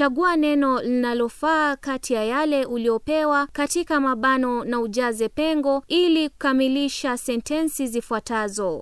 Chagua neno linalofaa kati ya yale uliopewa katika mabano na ujaze pengo ili kukamilisha sentensi zifuatazo.